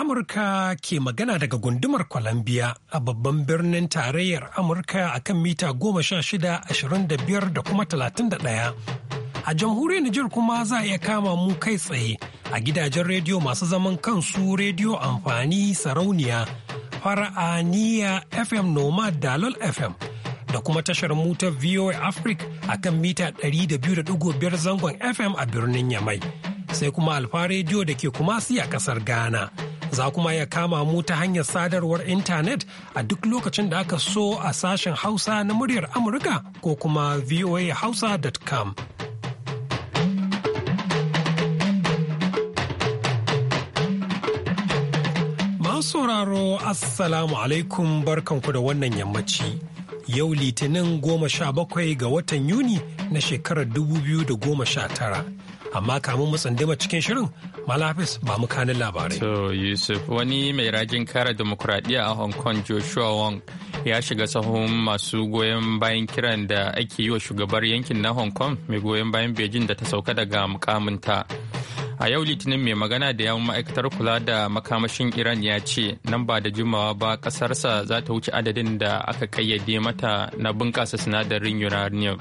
Amurka ke magana daga gundumar Columbia a babban birnin tarayyar Amurka a kan mita goma sha shida ashirin da biyar da kuma talatin da ɗaya. A jamhuriyar Nijar kuma za a iya kama mu kai tsaye a gidajen rediyo masu zaman kansu rediyo amfani sarauniya fara'aniya FM Nomad Dalol FM da kuma tashar mutar VOA Africa a kan mita 200.5 zangon FM a birnin Yamai. Sai kuma Alfa rediyo da ke kuma a kasar Ghana. Za kuma ya kama mu ta hanyar sadarwar intanet a duk lokacin da aka so a sashen Hausa na muryar Amurka ko kuma voahausa.com. sauraro assalamu alaikum barkanku da wannan yammaci yau litinin goma sha bakwai ga watan yuni na shekarar dubu biyu da goma sha tara amma kamun mu cikin shirin malafis ba mu kanin labarai so yusuf wani mai rajin kare demokuraɗiyya a hong kong joshua wong ya shiga sahun masu goyon bayan kiran da ake yi wa shugabar yankin na hong kong mai goyon bayan beijing da ta sauka daga mukaminta. ta a yau litinin mai magana da yawon ma'aikatar kula da makamashin iran ya ce nan ba da jimawa ba kasarsa za ta wuce adadin da aka kayyade mata na bunƙasa sinadarin uranium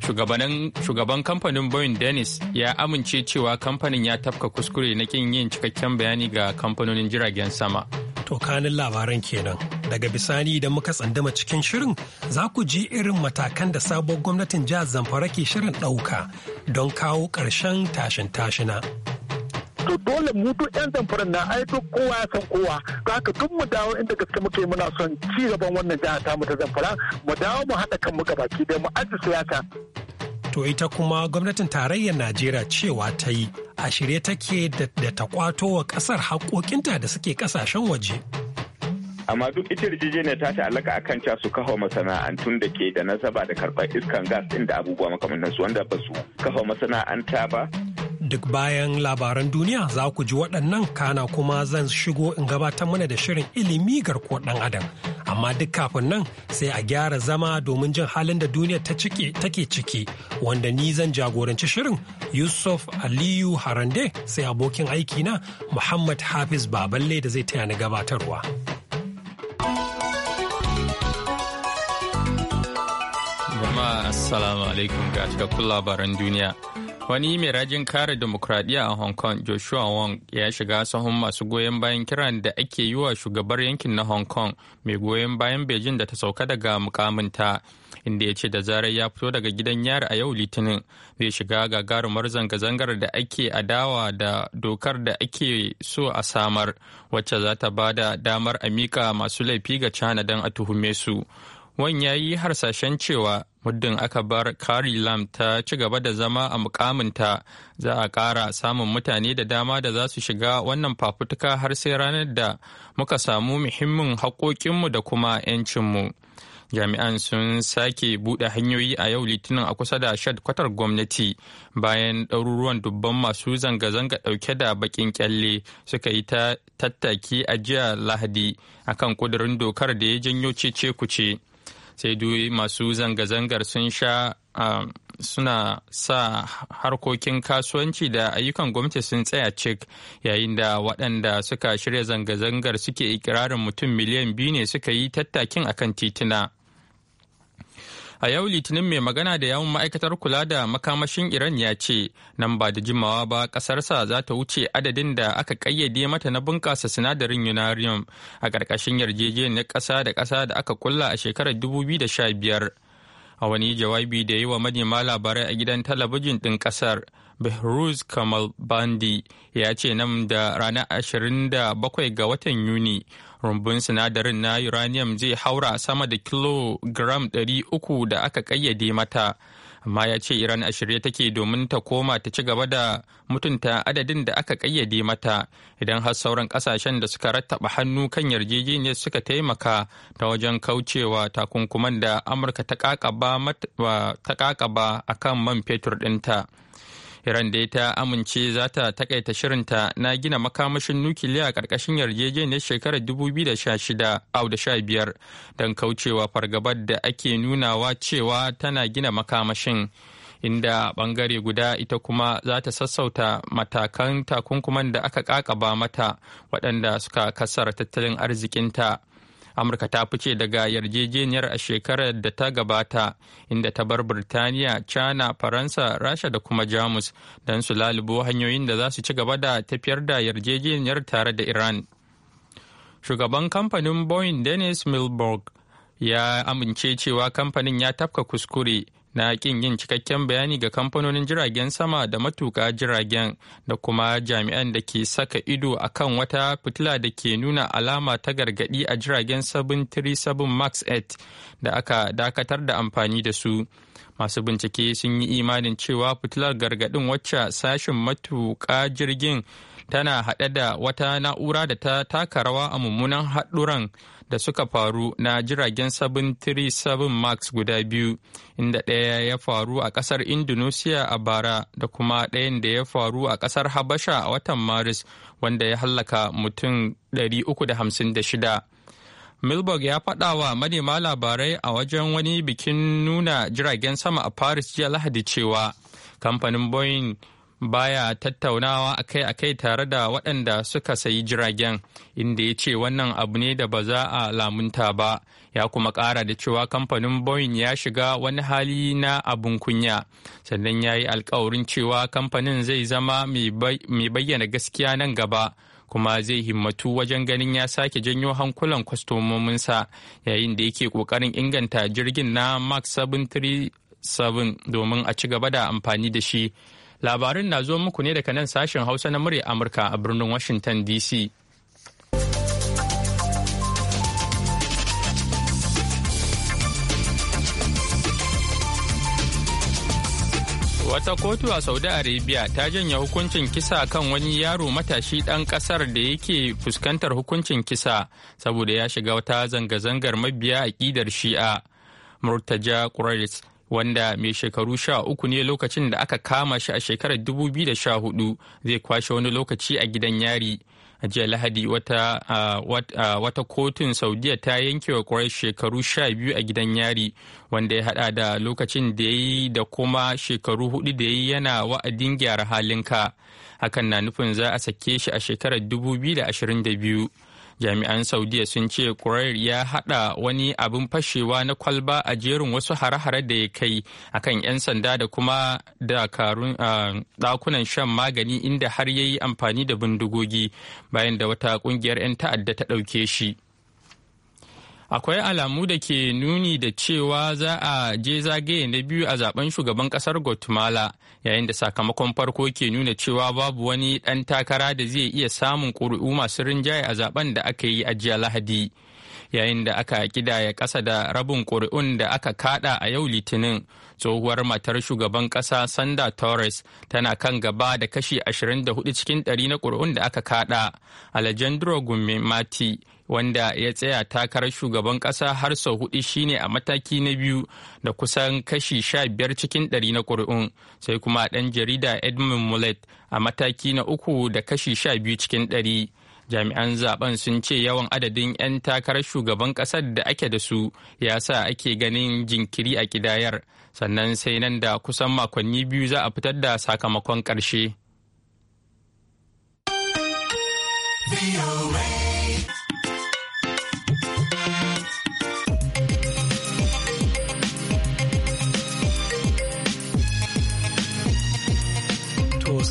shugaban kamfanin boeing dennis ya amince cewa kamfanin ya tafka kuskure na kin yin cikakken bayani ga kamfanonin jiragen sama To kanin labaran kenan. Daga bisani idan muka tsandama cikin shirin za ku ji irin matakan da sabon gwamnatin jihar Zamfara ke shirin ɗauka don kawo ƙarshen tashin tashina. to dole mu duk yan zamfaran na ai duk kowa ya san kowa ka haka duk mu dawo inda gaske muke muna son ci gaban wannan jiha ta mu ta zamfara mu dawo mu haɗa kan mu gabaki da mu aji siyasa to ita kuma gwamnatin tarayyar Najeriya cewa ta yi a shirye take da ta kwato wa ƙasar haƙoƙinta da suke ƙasashen waje. amma duk ita yarjejeniyar ta ta'allaka akan ca su kafa masana'antun da ke da nasaba da karɓar iskan gas ɗin da abubuwa makamantansu wanda ba su kafa masana'anta ba duk bayan labaran duniya za ku ji waɗannan kana kuma zan shigo in gabatar mana da shirin ilimi garkuwar ɗan adam amma duk kafin nan sai a gyara zama domin jin halin da duniya ta cike take ciki wanda ni zan jagoranci shirin yusuf aliyu harande sai abokin aiki na muhammad hafiz baballe da zai taya ni gabatarwa. Jama'a Assalamu alaikum ga cikakkun labaran duniya. Wani mai rajin kare demokradiyya a Hong Kong, Joshua Wong, ya shiga sahun masu goyon bayan kiran da ake yi wa shugabar yankin na Hong Kong mai goyon bayan Beijing da ta sauka daga mukaminta, inda ya ce da zarar ya fito daga gidan yari a yau Litinin zai shiga gagarumar zanga-zangar da ake adawa da dokar da ake so a samar, wacce za ta ba da damar a mika masu laifi ga China don a tuhume su. Wan ya yi harsashen cewa muddin aka bar Kari Lam ta ci gaba da zama a mukaminta za a ƙara samun mutane da dama da za su shiga wannan fafutuka har sai ranar da muka samu muhimmin haƙoƙinmu da kuma 'yancinmu. Jami'an sun sake buɗe hanyoyi a yau litinin a kusa da kwatar gwamnati bayan ɗaruruwan dubban masu zanga-zanga ɗauke da baƙin kyalle suka yi ta tattaki a jiya lahadi akan kudurin dokar da ya janyo cece kuce. sai dai masu zanga-zangar sun sha suna sa harkokin kasuwanci da ayyukan gwamnati sun tsaya cik yayin da waɗanda suka shirya zanga-zangar suke ikirarin mutum miliyan biyu ne suka yi tattakin akan tituna. A yau Litinin mai magana da yawun ma'aikatar kula da makamashin Iran ya ce, nan ba da jimawa ba ƙasarsa za ta wuce adadin da aka ƙayyade mata na bunƙasa sinadarin uranium a ƙarƙashin yarjejeniyar ƙasa da ƙasa da aka kulla a shekarar 2015. A wani jawabi da yi wa manema labarai a gidan talabijin ɗin ƙasar, Behruz Kamal Bandi ya ce nan da ranar 27 ga watan Yuni. rumbun sinadarin na uranium zai haura sama da kilogram 300 da aka kayyade mata amma ya ce iran a shirye take domin ta koma ta ci gaba da mutunta adadin da aka kayyade mata idan har sauran kasashen da suka rattaba hannu kan yarjejeniyar suka taimaka ta wajen kaucewa takunkuman da amurka ta kakaba a kan man fetur dinta. Iran dai ta amince za ta takaita shirinta na gina makamashin nukiliya a ƙarƙashin yarjejeniyar shekarar 2016 au da 15 don kaucewa fargabar da ake nunawa cewa tana gina makamashin. inda bangare guda ita kuma za ta sassauta matakan takunkuman da aka kakaba mata waɗanda suka kasar tattalin arzikinta amurka ta fice daga yarjejeniyar a shekarar da ta gabata inda ta bar birtaniya china faransa rasha da kuma jamus don su lalubo hanyoyin da za su ci gaba da tafiyar da yarjejeniyar tare da iran shugaban kamfanin boeing dennis milburg ya amince cewa kamfanin ya tafka kuskure na kin yin cikakken bayani ga kamfanonin jiragen sama da matuka jiragen da kuma jami'an da ke saka ido a kan wata fitila da ke nuna alama ta gargadi a jiragen 737 max 8 da aka dakatar da amfani da su masu bincike sun yi imanin cewa fitilar gargadin wacce sashen matuka jirgin tana haɗe da wata na'ura da ta taka rawa a mummunan haɗuran da suka faru na jiragen 737 max guda biyu inda ɗaya ya faru a ƙasar indonesia a bara da kuma ɗayan da ya faru a ƙasar habasha a watan maris wanda ya hallaka mutum 356 Milberg ya faɗa wa manema labarai a wajen wani bikin nuna jiragen sama a Paris jiya Lahadi cewa kamfanin Boeing baya tattaunawa akai-akai tare da waɗanda suka sayi jiragen inda ya ce wannan abu ne da ba za a lamunta ba ya kuma ƙara da cewa kamfanin boeing ya shiga wani hali na abun kunya sannan ya yi alkawarin cewa kamfanin zai zama mai bayyana gaskiya nan gaba kuma zai himmatu wajen ganin ya sake janyo hankulan kwastomominsa yayin da yake ƙoƙarin inganta jirgin na max 737 domin a ci gaba da amfani da shi labarin na zo muku ne daga nan sashen hausa na murya amurka a birnin washington dc wata kotu a saudi arabia ta janye hukuncin kisa kan wani yaro matashi ɗan ƙasar da yake fuskantar hukuncin kisa saboda ya shiga wata zanga-zangar mabiya aƙidar shi'a murtaja quraish wanda mai shekaru sha uku ne lokacin da aka kama shi a shekarar 2014 zai kwashe wani lokaci a gidan yari a jiya lahadi wata, kotun saudiya ta yanke wa kwarai shekaru sha biyu a gidan yari wanda ya hada da lokacin da ya yi da kuma shekaru hudu da ya yi yana wa'adin gyara halinka hakan na nufin za a sake shi a shekarar biyu. jami'an saudiya sun ce kurair ya hada wani abin fashewa na kwalba a jerin wasu hare-hare da ya kai akan 'yan sanda da kuma dakarun dakunan shan magani inda har ya yi amfani da bindigogi bayan da wata kungiyar 'yan ta'adda ta ɗauke shi. akwai alamu da ke nuni da cewa za a je zagaye na biyu a zaben shugaban kasar guatemala yayin da sakamakon farko ke nuna cewa babu wani ɗan takara da zai iya samun ƙuri'u masu rinjaye a zaben da aka yi a jiya lahadi yayin da aka kidaya ƙasa da rabin ƙuri'un da aka kaɗa a yau litinin tsohuwar matar shugaban ƙasa sanda torres tana kan gaba da kashi 24 cikin 100 na ƙuri'un da aka kaɗa alejandro mati wanda ya tsaya takarar shugaban kasa har sau hudu shine a mataki na biyu da kusan kashi sha biyar cikin ɗari na ƙuri'un sai kuma ɗan jarida edmund mullet a mataki na uku da kashi sha biyu cikin ɗari jami'an zaben sun ce yawan adadin 'yan takarar shugaban ƙasar da ake da su ya sa ake ganin jinkiri a kidayar sannan sai nan da kusan makonni biyu za a fitar da sakamakon ƙarshe.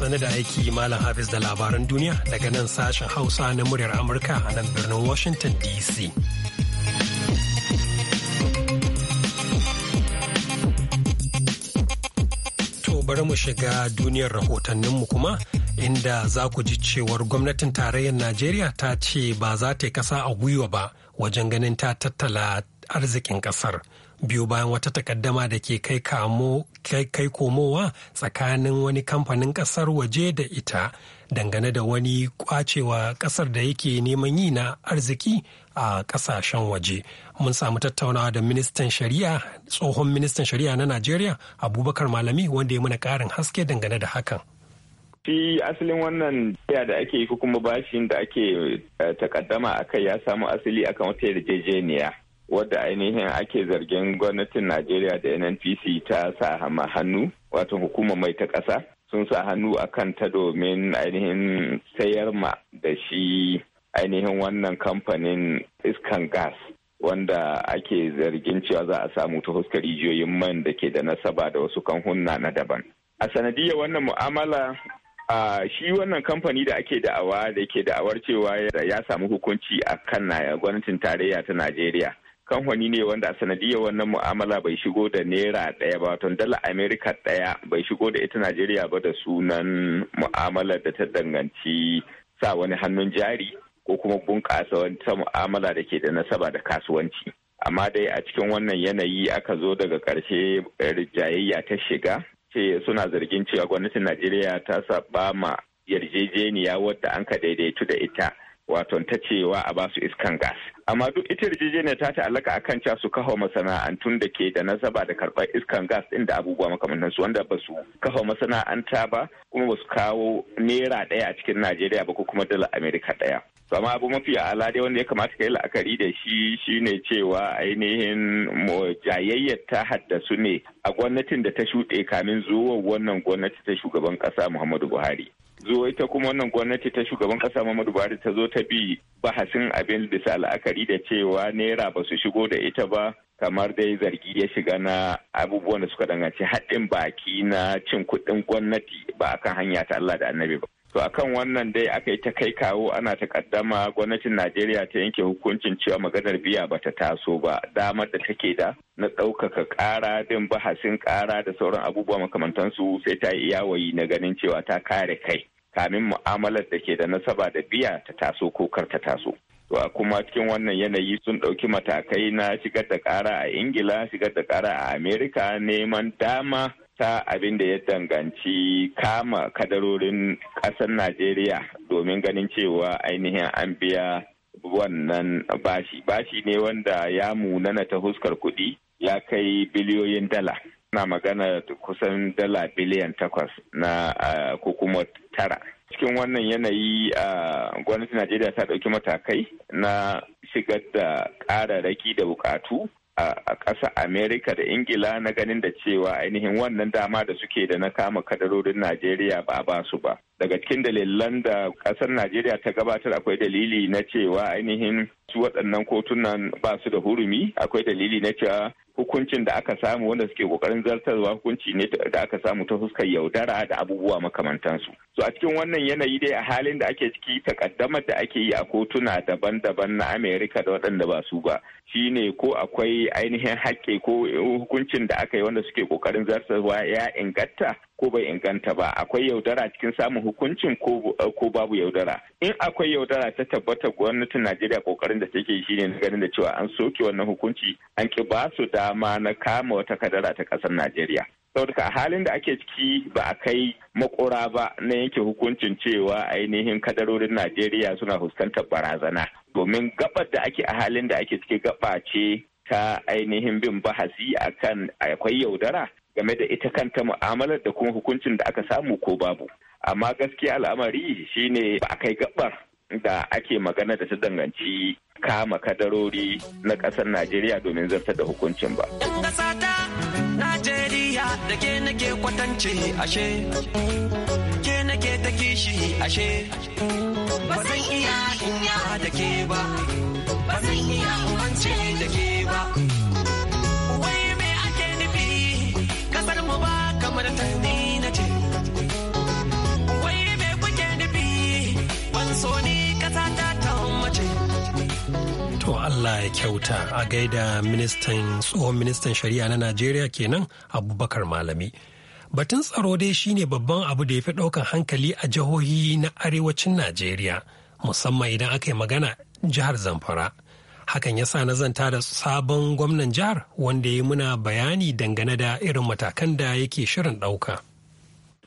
sane da aiki Malam Hafiz da labaran duniya daga nan sashen Hausa na muryar Amurka a nan birnin Washington DC. To bari mu shiga duniyar rahotanninmu kuma inda za ku ji cewar gwamnatin tarayyar Najeriya ta ce ba za ta yi kasa a gwiwa ba wajen ganin ta tattala arzikin kasar. biyu bayan wata takaddama da ke kai komowa tsakanin wani kamfanin kasar waje da ita dangane da wani kwacewa kasar da yake neman yi na arziki a kasashen waje mun samu tattaunawa da ministan shari'a tsohon ministan shari'a na najeriya abubakar malami wanda ya muna karin haske dangane da hakan shi asalin wannan ya da ake yi ko kuma bashin da ake eh, takaddama a kai ya samu asali akan wata yarjejeniya wadda ainihin ake zargin gwamnatin najeriya da nnpc ta sa hannu wato hukuma mai ta ƙasa sun sa hannu a kanta domin ainihin sayar ma da shi ainihin wannan kamfanin iskan gas wanda ake zargin cewa za a samu ta huskar rijiyoyin man da ke da nasaba da wasu kanhunna na daban a sanadiyar wannan mu'amala a shi wannan kamfani da ake da'awa da ke da'awar cewa ya samu hukunci a kan gwamnatin tarayya ta najeriya kamfani ne wanda a sanadiyar wannan mu'amala bai shigo da naira ɗaya ba wato dala america ɗaya bai shigo da ita najeriya ba da sunan mu'amala da ta danganci sa wani hannun jari ko kuma bunƙasa wata mu'amala da ke da nasaba da kasuwanci amma dai a cikin wannan yanayi aka zo daga ƙarshe rijayayya ta shiga ce suna zargin cewa gwamnatin najeriya ta saba ma yarjejeniya wadda an ka daidaitu da ita wato ta cewa a basu iskan gas amma duk ita yarjejeniya ta ta'allaka akan ca su kafa masana'antun da ke da nasaba da karbar iskan gas ɗin da abubuwa makamantan su wanda ba su kafa masana'anta ba kuma ba su kawo naira daya a cikin najeriya ba ko kuma dala amerika daya to amma abu mafi ala dai wanda ya kamata ka yi la'akari da shi shine cewa ainihin jayayyar ta haddasu ne a gwamnatin da ta shuɗe kamin zuwa wannan gwamnati ta shugaban ƙasa muhammadu buhari zo ita kuma wannan gwamnati ta shugaban kasa Muhammadu Buhari ta zo ta bi bahasin abin bisa la'akari da cewa naira ba su shigo da ita ba kamar dai zargi ya shiga na abubuwan da suka danganci haɗin baki na cin kuɗin gwamnati ba akan hanya ta Allah da annabi ba. To akan wannan dai aka yi ta kai kawo ana takaddama gwamnatin Najeriya ta yanke hukuncin cewa maganar biya ba ta taso ba damar da take da na ɗaukaka ƙara din bahasin ƙara da sauran abubuwa makamantansu sai ta yi iyawayi na ganin cewa ta kare kai. kamin mu'amalar da ke da nasaba da biya ta taso ko kar ta taso. kuma cikin wannan yanayi sun ɗauki matakai na shigar da ƙara a ingila shigar da ƙara a amerika neman dama ta abin da ya danganci kama kadarorin ƙasar najeriya domin ganin cewa ainihin an biya wannan bashi bashi ne wanda ya munana ta huskar kuɗi ya kai biliyoyin dala na magana kusan dala biliyan takwas na ah, ko kuma tara cikin wannan yanayi a ah, gwamnatin najeriya ta ɗauki matakai na shigar da ƙararraki da bukatu a ƙasa amerika da ingila na ganin da cewa ainihin wannan dama da suke da na kama kadarorin najeriya ba a basu ba daga cikin dalilan da ƙasar najeriya ta gabatar akwai dalili na cewa ainihin su waɗannan kotunan ba su da hurumi akwai dalili na cewa hukuncin da aka samu wanda suke kokarin zartarwa hukunci ne da aka samu ta fuskar yaudara da abubuwa makamantansu su a cikin wannan yanayi dai a halin da ake ciki takaddamar da ake yi a kotuna daban-daban na amerika da waɗanda ba su ba shine ko akwai ainihin haƙƙi ko hukuncin da aka yi wanda suke kokarin zartarwa ya inganta ko bai inganta ba akwai yaudara cikin samun hukuncin eh, ko babu yaudara in akwai yaudara ta tabbata gwamnatin najeriya kokarin da take yi shine ganin da cewa an soke wannan hukunci an ki ba su dama na kama wata kadara ta kasar najeriya saboda halin da ake ciki ba a kai makora ba na yanke hukuncin cewa ainihin kadarorin najeriya suna fuskantar barazana domin gabar da ake a halin da ake ciki gaba ce ta ainihin bin bahasi akan akwai yaudara game da ita kanta mu'amalar da kuma hukuncin da aka samu ko babu amma gaskiya al'amari shine ba a kai gabar da ake magana da ta danganci kama kadarori na ƙasar najeriya domin zartar da hukuncin ba Najeriya da ke nake kwatance ashe ke nake ta kishi ashe ba zan iya inya da ba ba zan iya umarci da ke Allah ya kyauta a gaida ministan tsohon ministan shari'a na Najeriya kenan Abubakar Malami. Batun tsaro dai shine babban abu da ya fi ɗaukan hankali a jihohi na arewacin Najeriya, musamman idan aka yi magana jihar Zamfara. hakan ya sa na zanta da sabon gwamnan jihar wanda ya muna bayani dangane da irin matakan da yake shirin ɗauka.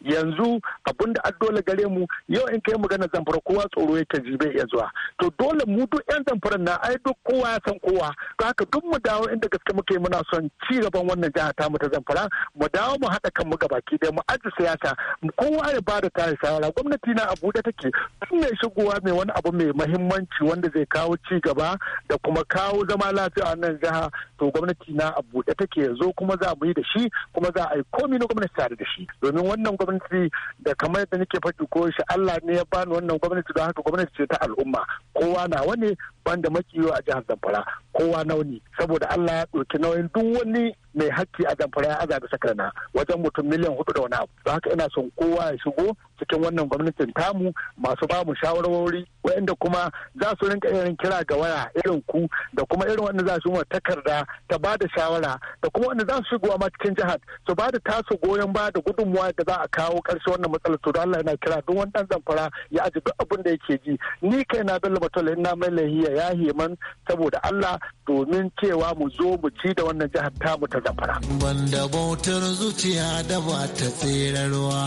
yanzu abun da dole gare mu yau in kai magana zamfara kowa tsoro yake ji bai iya zuwa to dole mu duk yan zamfara na ai duk kowa ya san kowa to haka duk mu dawo inda gaske muke muna son ci gaban wannan jiha ta mu ta zamfara mu dawo mu haɗa kan mu gabaki da mu aji siyasa kowa ya bada tare shawara gwamnati na abuja take tun mai shigowa mai wani abu mai mahimmanci wanda zai kawo ci gaba da kuma kawo zama lafiya a nan jiha to gwamnati na a buɗe take yanzu kuma za mu yi da shi kuma za a yi komi na gwamnati tare da shi domin wannan gwamnati hukunci da kamar yadda nake faɗi ko shi Allah ne ya bani wannan gwamnati don haka gwamnati ce ta al'umma kowa na wani banda makiyo a jihar zamfara kowa nauni saboda allah ya ɗauki nauyin duk wani mai hakki a zamfara ya azabi sakarna wajen mutum miliyan hudu da wani abu don haka ina son kowa ya shigo cikin wannan gwamnatin tamu masu bamu shawarwari waɗanda kuma za su rinka irin kira ga waya irin ku da kuma irin wanda za su yi takarda ta ba da shawara da kuma wanda za su shigo ma cikin jihar su ba da tasu goyon ba da gudunmuwa da za a kawo ƙarshe wannan matsalar to da Allah yana kira duk wani ɗan zamfara ya aji duk abin da yake ji ni kai na batun na mai lahiya ya himan saboda Allah domin cewa mu zo mu ci da wannan jihar tamu ta zamfara. Banda bautar zuciya da ba ta tserarwa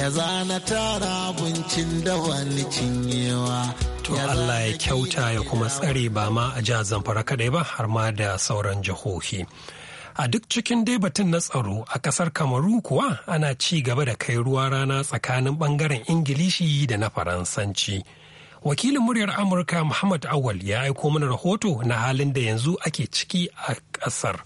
ya zana tara abincin da ba ni cinyewa. To Allah ya kyauta ya kuma tsare ba ma a jihar zamfara kadai ba har ma da sauran jihohi. a duk cikin dai batun na tsaro a kasar kamaru kuwa ana ci gaba da kai ruwa rana tsakanin bangaren ingilishi da na faransanci Wakilin muryar Amurka Muhammad Awal ya aiko mana rahoto na halin da yanzu ake ciki a ƙasar.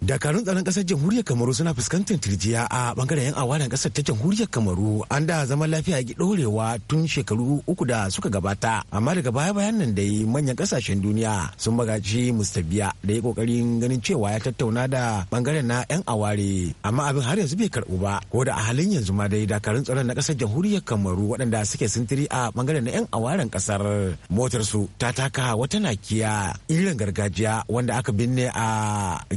dakarun tsaron kasar jamhuriyar kamaru suna fuskantar tirjiya a bangaren yan awaren kasar ta jamhuriyar kamaru an da zaman lafiya ya dorewa tun shekaru uku da suka gabata amma daga baya bayan nan dai manyan kasashen duniya sun magaci mustabiya da ya kokarin ganin cewa ya tattauna da bangaren na yan aware amma abin har yanzu bai karbu ba ko da a halin yanzu ma dai dakarun tsaron na kasar jamhuriyar kamaru waɗanda suke sintiri a bangaren na yan awaren kasar motar su ta taka wata nakiya irin gargajiya wanda aka binne a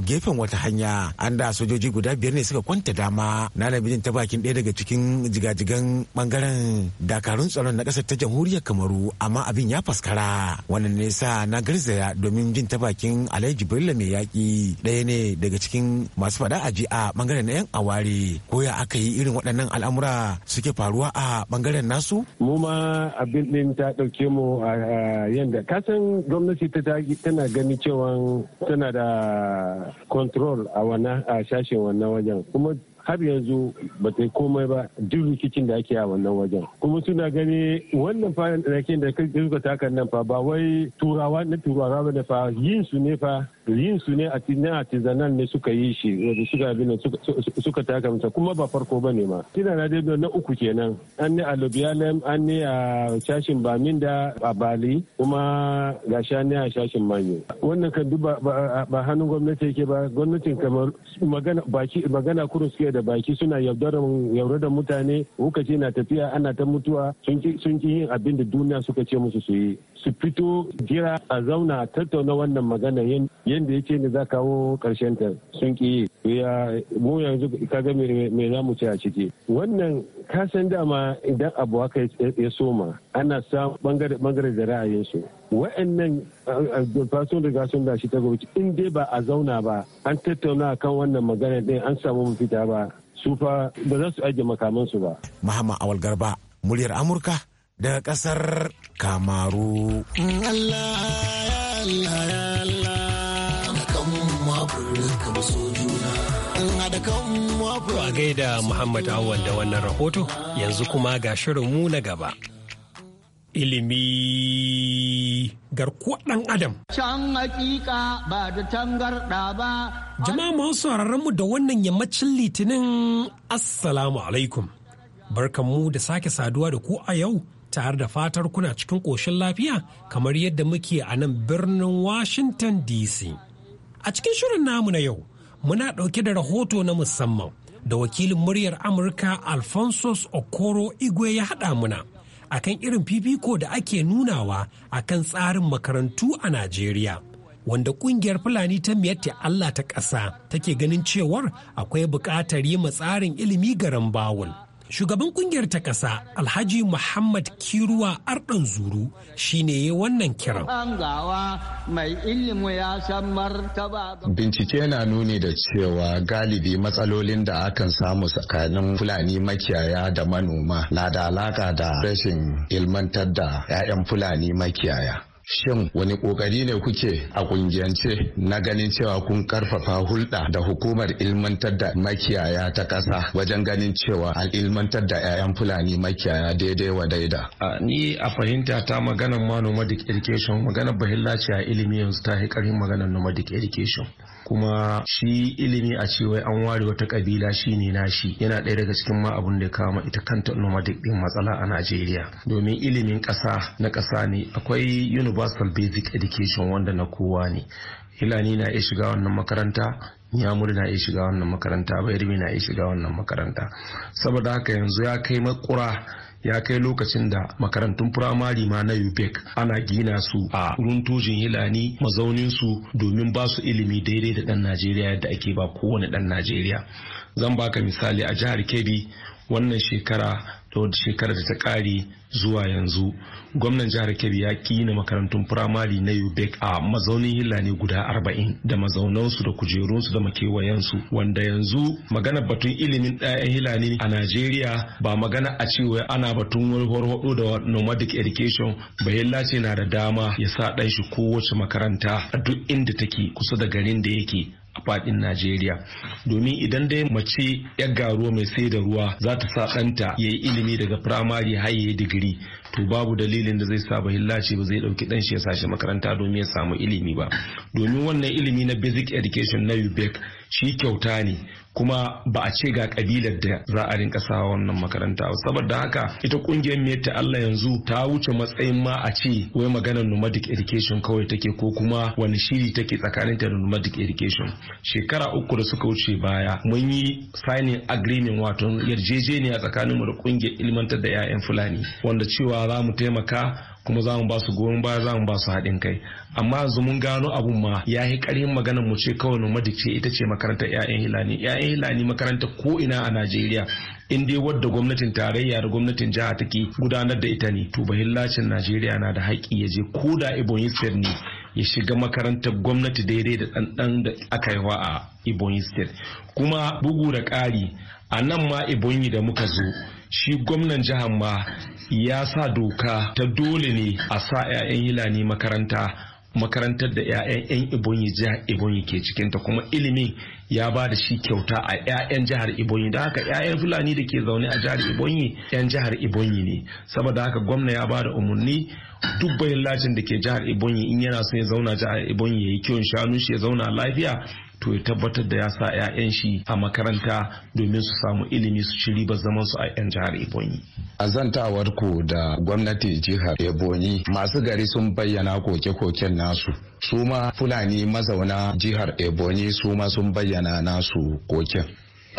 gefen wata wata hanya an da sojoji guda biyar ne suka kwanta dama na namijin ta bakin ɗaya daga cikin jigajigan bangaren dakarun tsaron na ƙasar ta jamhuriyar kamaru amma abin ya faskara wannan ne sa na garzaya domin jin ta bakin alhaji bello mai yaƙi ɗaya ne daga cikin masu faɗa aji a bangaren na yan aware ko ya aka yi irin waɗannan al'amura suke faruwa a bangaren nasu? mu ma abin ɗin ta ɗauke mu a yanda kasan gwamnati ta tana gani cewa tana da control rol a wannan a sashen wannan wajen kuma har yanzu ba ta komai ba duk rikicin da ake a wannan wajen kuma suna gani wannan fa rakin da suka taka nan fa ba wai turawa na turawa ba ne fa yin su ne fa yin su ne a artisanal ne suka yi shi eh, suka abin suka taka masa kuma ba farko ba ne ma kina na dai na uku kenan an ne a lobialem an ne a shashin da a bali kuma ga sha ne a shashin manyo wannan kan duk ba hannun gwamnati yake ba gwamnatin kamar magana baki magana kurun suke da baki suna yaudarar da mutane lokaci na tafiya ana ta mutuwa sun ki yin abin da duniya suka ce musu su yi su fito jira a zauna tattauna wannan magana yadda ya ce ne za kawo karshen ta sun ki ya mu yanzu ga me za mu ci a ciki wannan kasan dama idan abu haka ya soma ana samun bangare da ra'ayinsu wa'annan fasun gasun da shi ta gobe in dai ba a zauna ba an tattauna kan wannan magana din an samu mafita ba su fa ba za su ajiye makamansu ba. Mahama Awal Garba, muryar Amurka daga kasar Kamaru. Allah ya Allah ya gaida Muhammad Awal da wannan rahoto yanzu kuma ga shirin mu na gaba. Ilimi garkuwar ɗan Adam. Can hakika ba da tangarɗa ba. Jama'a masu mu da wannan yammacin litinin Assalamu alaikum. Barkanmu da sake saduwa da ku a yau tare da fatar kuna cikin ƙoshin lafiya kamar yadda muke a nan birnin Washington DC. A cikin shirin namu na yau, muna ɗauke da rahoto na musamman da wakilin muryar Amurka alfonso Okoro Igwe ya haɗa muna akan irin fifiko da ake nunawa akan tsarin makarantu a Najeriya. Wanda ƙungiyar Fulani ta miyatta Allah ta ƙasa take ganin cewar akwai buƙatar yi tsarin ilimi garan bawul. Shugaban kungiyar ta ƙasa Alhaji Muhammad Kiruwa Arɗan Zuru shi ne ya wannan kiran. Bincike na nuni da cewa galibi matsalolin da akan samu tsakanin Fulani makiyaya da manoma na da alaƙa da rashin ilmantar da 'ya'yan Fulani makiyaya. shin wani kokari ne kuke a kungiyance na ganin cewa kun karfafa hulɗa da hukumar ilmantar da makiyaya ta ƙasa wajen ganin cewa an ilmantar da 'ya'yan fulani makiyaya daidai wa daida. ni a fahimta ta maganar ma nomadic education maganar ce a ilimi yanzu ta yi maganar nomadic education kuma shi ilimi a cewa an ware wata kabila shine nashi yana ɗaya daga cikin ma abun da kama ita kanta nomadic din matsala a Najeriya domin ilimin ƙasa na ƙasa ne akwai university universal basic education wanda na kowa ne hilani na iya shiga wannan makaranta nyamuri na iya shiga wannan makaranta bayarmi na iya shiga wannan makaranta saboda haka yanzu ya kai makura ya kai lokacin da makarantun firamare ma na UPEC ana gina su a runtojin hilani mazaunin su domin ba su ilimi daidai da ɗan Najeriya yadda ake ba kowane ɗan Najeriya. Zan baka misali a jihar Kebbi wannan shekara da shekarar da ta kare. zuwa yanzu gwamnan jihar kebbi ya kina makarantun firamare na ubec a mazaunin hila ne guda arba'in da mazaunansu da kujerunsu da makewayensu wanda yanzu magana batun ilimin ɗayan hila ne a najeriya ba magana a cewa ana batun wani da nomadic education bayan ce na da dama ya sa ɗan shi kowace makaranta a duk inda take kusa da garin da yake a fadin Najeriya. Domin idan dai mace yar garuwa mai sai da ruwa za ta sa ɗanta ya yi ilimi daga firamare har ya yi digiri to babu dalilin da zai sa ba hillace ba zai ɗauki ɗan shi ya sashi makaranta domin ya samu ilimi ba. Domin wannan ilimi na basic education na UBEC shi kyauta ne kuma ba a ce ga kabilar da za a rinka sa wannan makaranta saboda haka ita kungiyar mai ta Allah yanzu ta wuce matsayin ma a ce wai maganar nomadic education kawai take ko kuma wani shiri take tsakanin ta nomadic education shekara uku da suka wuce baya mun yi signing agreement wato yarjejeniya tsakanin mu da kungiyar ilmantar da 'ya'yan fulani wanda cewa za mu taimaka kuma za mu ba su goyon baya za mu ba su haɗin kai amma yanzu mun gano abun ma ya yi ƙarin magana mu ce kawai nomadic ce ita ce makarantar 'ya'yan hilani 'ya'yan hilani makaranta ko ina a najeriya in dai wadda gwamnatin tarayya da gwamnatin jiha take gudanar da ita ne to bahillacin najeriya na da haƙƙi ya je ko da ebonyi state ne ya shiga makarantar gwamnati daidai da ɗanɗan da aka yi wa a ebonyi state kuma bugu da ƙari a nan ma ebonyi da muka zo shi gwamnan jihar ma ya sa doka ta dole ne a sa 'ya'yan hilani makaranta makarantar da 'ya'yan 'yan ibonyi jihar ibonyi ke cikinta kuma ilimin ya ba da shi kyauta a 'ya'yan jihar ibonyi da haka 'ya'yan fulani da ke zaune a jihar ibonyi 'yan jihar ibonyi ne saboda haka gwamna ya ba da umarni duk bayan lajin da ke jihar ibonyi in yana so ya zauna jihar ibonyi ya yi kyau shanu shi ya zauna lafiya to ya tabbatar da ya sa 'ya'yan shi a makaranta domin su samu ilimi su ci ribar zaman su a 'yan jihar Ebonyi. A zantawar ku da gwamnati jihar Ebonyi masu gari sun bayyana koke-koken nasu. Su ma Fulani mazauna jihar Ebonyi su ma sun bayyana nasu koken.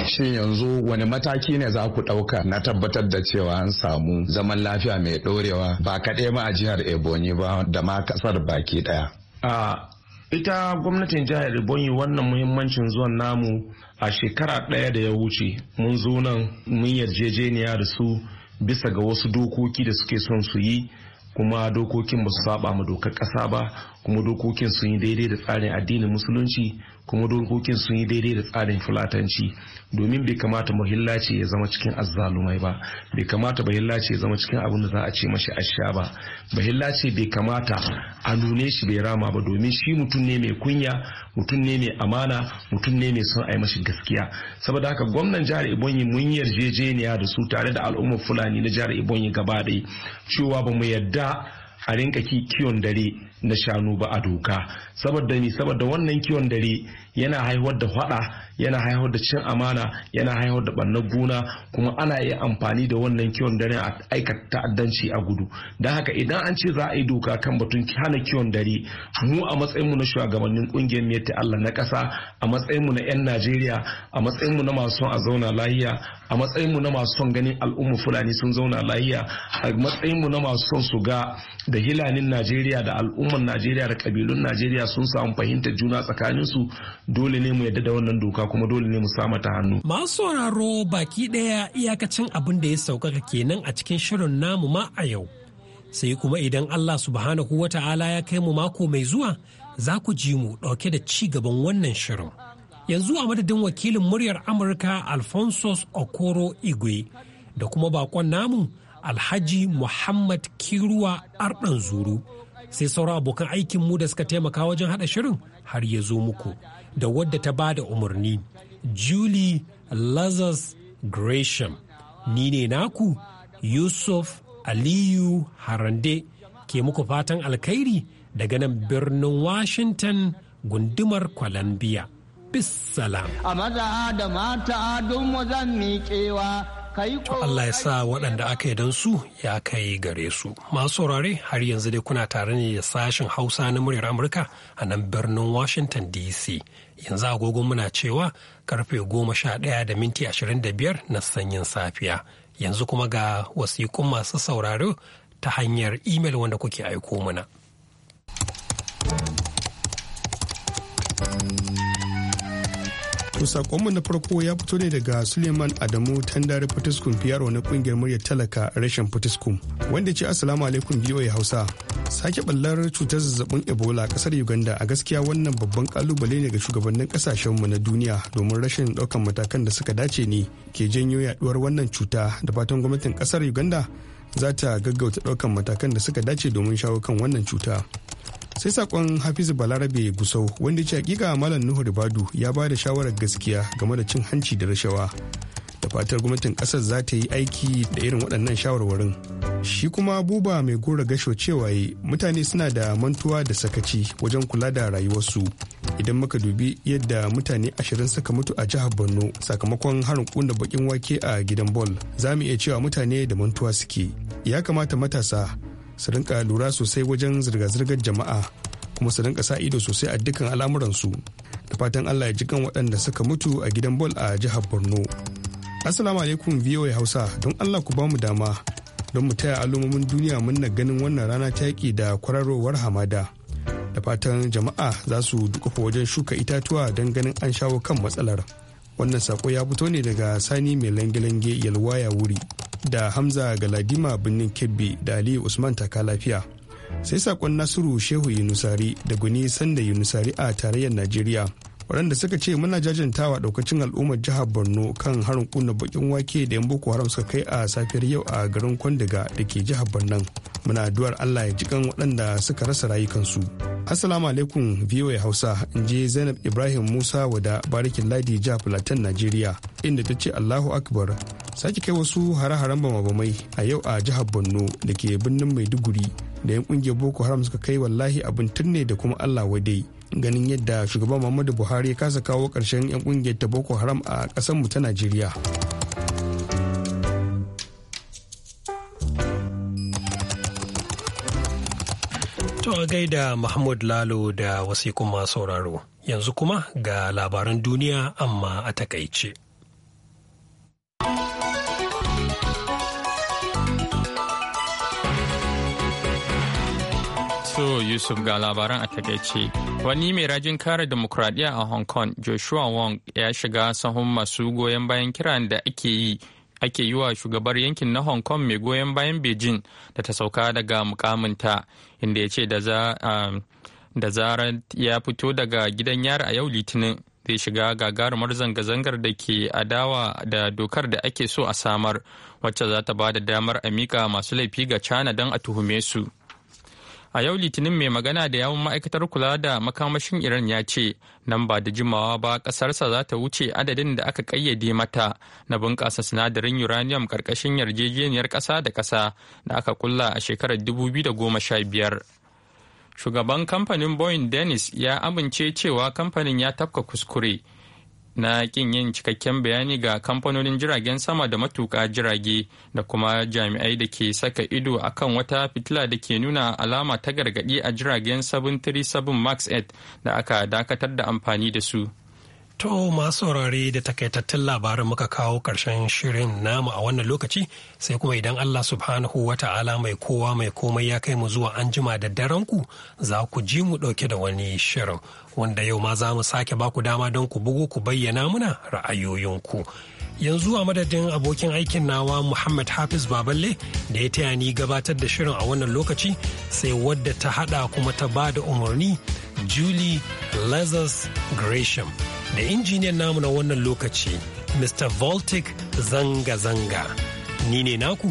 Shin yanzu wani mataki ne za ku ɗauka na tabbatar da cewa an samu zaman lafiya mai ɗorewa ba kaɗai ma a jihar Ebonyi ba da ma ƙasar baki ɗaya? a ita gwamnatin jihar Ebonyi wannan muhimmancin zuwan namu a shekara ɗaya da ya wuce mun zo nan mun yarjejeniya da su bisa ga wasu dokoki da suke son su yi kuma dokokin ba su saba ma dokar ƙasa ba kuma dokokin sun yi daidai da tsarin addinin musulunci kuma dokokin sun yi daidai da tsarin fulatanci domin bai kamata muhilla ce ya zama cikin azzalumai ba bai kamata bahilla ce ya zama cikin abin da za a ce mashi asha ba bahilla ce bai kamata a nune shi bai rama ba domin shi mutum ne mai kunya mutum ne mai amana mutum ne mai son a yi mashi gaskiya saboda haka gwamnan jihar ibonyi mun yarjejeniya da su tare da al'ummar fulani na jihar ibonyi gaba ɗaya cewa ba mu yarda a rinka kiwon dare na shanu ba a doka saboda ni saboda wannan kiwon dare yana haihuwar da hwada yana haihuwar da cin amana yana haihuwar da bannan gona kuma ana yin amfani da wannan kiwon dare a aikata ta'addanci a gudu don haka idan an ce za a yi doka kan batun hana kiwon dare mu a matsayinmu na shugabannin kungiyar miyatta Allah na kasa a matsayinmu na 'yan Najeriya a matsayinmu na masu son a zauna lahiya a matsayinmu na masu son ganin al'umma Fulani sun zauna lahiya a matsayinmu na masu son su ga da gilanin najeriya da al'umman najeriya da kabilun najeriya sun samu fahimta juna tsakaninsu dole ne mu yadda da wannan doka kuma dole ne mu sama ta hannu masu sauraro baki daya iyakacin abin da ya saukaka kenan a cikin shirin namu ma a yau sai kuma idan allah subhanahu wa ta'ala ya kai mu mako mai zuwa za ku ji mu ɗauke da ci gaban wannan shirin yanzu a madadin wakilin muryar amurka alphonsus okoro igwe da kuma bakon namu alhaji muhammad kiruwa arɗan zuru sai sauran abokan aikinmu da suka taimaka wajen haɗa shirin har ya zo muku da wadda ta ba da umarni julie lazarus gresham ni ne naku yusuf aliyu harande ke muku fatan alkhairi daga nan birnin washington gundumar columbia bis a maza da mata don mazan zan miƙewa To Allah ya sa waɗanda aka yi don su ya kai gare su. Masu saurare har yanzu dai kuna tare ne da sashen Hausa na muryar Amurka a nan birnin Washington DC. Yanzu agogon muna cewa karfe goma sha ɗaya da minti ashirin da biyar na sanyin safiya. Yanzu kuma ga wasiƙun masu sauraro ta hanyar imel wanda kuke aiko mana. To sakonmu na farko ya fito ne daga Suleiman Adamu Tandare Fatiskun yaro na kungiyar muryar talaka rashin Fatiskun wanda ce Assalamu alaikum ya Hausa. Sake ballar cutar zazzabin Ebola a kasar Uganda a gaskiya wannan babban kalubale ne ga shugabannin kasashenmu na duniya domin rashin daukan matakan da suka dace ne ke janyo yaduwar wannan cuta da fatan gwamnatin kasar Uganda za ta gaggauta daukan matakan da suka dace domin shawo kan wannan cuta. sai sakon hafizu balarabe gusau wanda ce hakika malam nuhu ribadu ya ba da shawarar gaskiya game da cin hanci da rashawa da fatar gwamnatin kasar za ta yi aiki da irin waɗannan shawarwarin shi kuma buba mai gora gasho cewa mutane suna da mantuwa da sakaci wajen kula da rayuwarsu idan muka dubi yadda mutane ashirin suka mutu a jihar borno sakamakon harin kunda bakin wake a gidan bol za mu iya cewa mutane da mantuwa suke ya kamata matasa su rinka lura sosai wajen zirga-zirgar jama'a kuma su rinka sa ido sosai a dukkan al'amuransu da fatan allah ya ji kan waɗanda suka mutu a gidan bol a jihar borno assalamu alaikum voa hausa don allah ku bamu dama don mu taya al'ummomin duniya muna ganin wannan rana ta yaƙi da kwararowar hamada da fatan jama'a za su dukufa wajen shuka itatuwa don ganin an shawo kan matsalar wannan sako ya fito ne daga sani mai lange-lange yalwaya wuri da hamza galadima birnin kebbi da ali usman taka lafiya sai saƙon nasiru shehu yunusari da guni sanda yunusari a tarayyar najeriya waɗanda suka ce muna jajantawa ɗaukacin al'ummar jihar borno kan harin kunna bakin wake da yan boko haram suka kai a safiyar yau a garin kwandiga da ke jihar borno muna duwar allah ya ji kan waɗanda suka rasa rayukansu assalamu alaikum voa hausa in je zainab ibrahim musa wada barikin ladi jihar filatan najeriya inda ta ce allahu akbar sake kai wasu hare-haren bama-bamai a yau a jihar borno da ke birnin maiduguri da yan kungiyar boko haram suka kai wallahi abin turne da kuma allah wadai ganin yadda shugaban muhammadu buhari ya kasa kawo ƙarshen 'yan ƙungiyar ta boko haram a mu ta najeriya To a gaida Mahmud Lalo da wasu kuma sauraro, yanzu kuma ga labaran duniya amma a takaice. so Yusuf ga labaran a takaice. Wani mai rajin kare demokradiyya a Hong Kong, Joshua Wong, ya shiga sahun masu goyon bayan kiran da ake yi ake yi wa shugabar yankin na Hong Kong mai goyon bayan Beijing da ta sauka daga mukaminta, inda ya ce um, da zarar ya fito daga gidan yari a yau Litinin. zai shiga gagarumar zanga-zangar da ke adawa da dokar da ake so a samar wacce za ta ba da damar a mika masu laifi ga china don a tuhume su. a yau litinin mai magana da yawon ma'aikatar kula da makamashin iran ya ce nan ba da jimawa ba kasarsa za ta wuce adadin da aka kayyade mata na bunƙasa sinadarin uranium karkashin yarjejeniyar ƙasa da ƙasa da aka kulla a shekarar 2015 shugaban kamfanin boeing dennis ya amince cewa kamfanin ya tafka kuskure na kin yin cikakken bayani ga kamfanonin jiragen sama da matuka jirage da kuma jami'ai da ke saka ido akan wata fitila da ke nuna alama ta gargadi a jiragen 737 max 8 da aka dakatar da amfani da su. To masu saurari da takaitattun labarin muka kawo ƙarshen shirin namu a wannan lokaci sai kuma idan Allah subhanahu wa ta'ala mai kowa mai komai ya kai mu zuwa anjima da daren ku za ku ji mu ɗauke da wani shirin wanda yau ma za mu sake baku dama don ku bugu ku bayyana muna ra'ayoyinku. Yanzu a madadin abokin aikin nawa Muhammad Hafiz Baballe da ya taya ni gabatar da shirin a wannan lokaci sai wadda ta haɗa kuma ta ba da umarni Julie Lazarus Gresham. da injiniyan namu na wannan lokaci Mr. Voltic zanga-zanga. Ni ne naku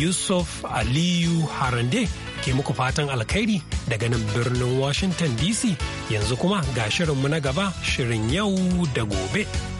Yusuf Aliyu Harande ke muku fatan alkhairi daga nan birnin Washington DC yanzu kuma ga shirinmu na gaba shirin yau da gobe.